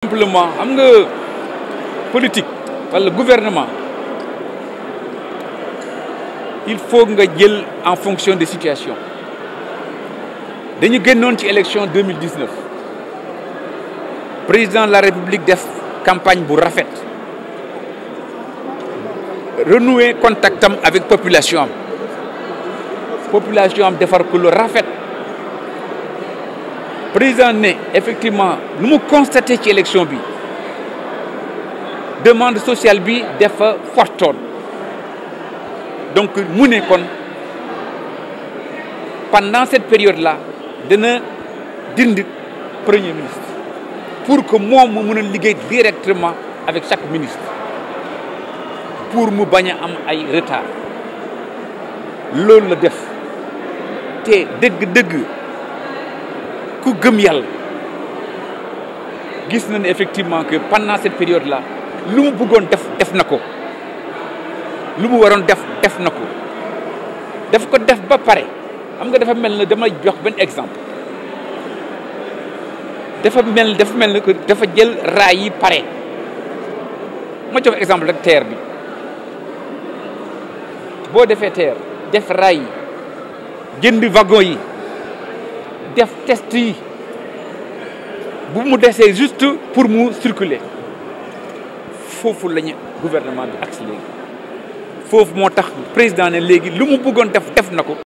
simplement xam nga politique wala gouvernement il faut nga jël en fonction des situations dañu génnoon ci élection 2019 président de la république def campagne bu rafet renouer contactam am avec population am population am defar ko rafet président ne effectivement lu mu constaté ci élection bi demande sociale bi dafa fortoon donc mu ne kon pendant cette période la dana dindi premier ministre pour que moom mu a liggéey directement avec chaque ministre pour mu bañ a am ay retard loolu la def te dëgg-dëgg ku gëm yàlla gis na ne effectivement que pendant cette période la lu mu bëggoon def def na ko lu mu waroon def def na ko daf ko def ba pare xam nga dafa mel ne dama jox benn exemple dafa mel dafa mel ne que dafa jël raay yi pare ma jox exemple rek terre bi boo defee terre def raay yi jënd wagon yi def test yi bu mu desee juste pour mu circuler foofu lañu ñu gouvernement bi agsi léegi foofu moo tax président ne léegi lu mu bëggoon def def na ko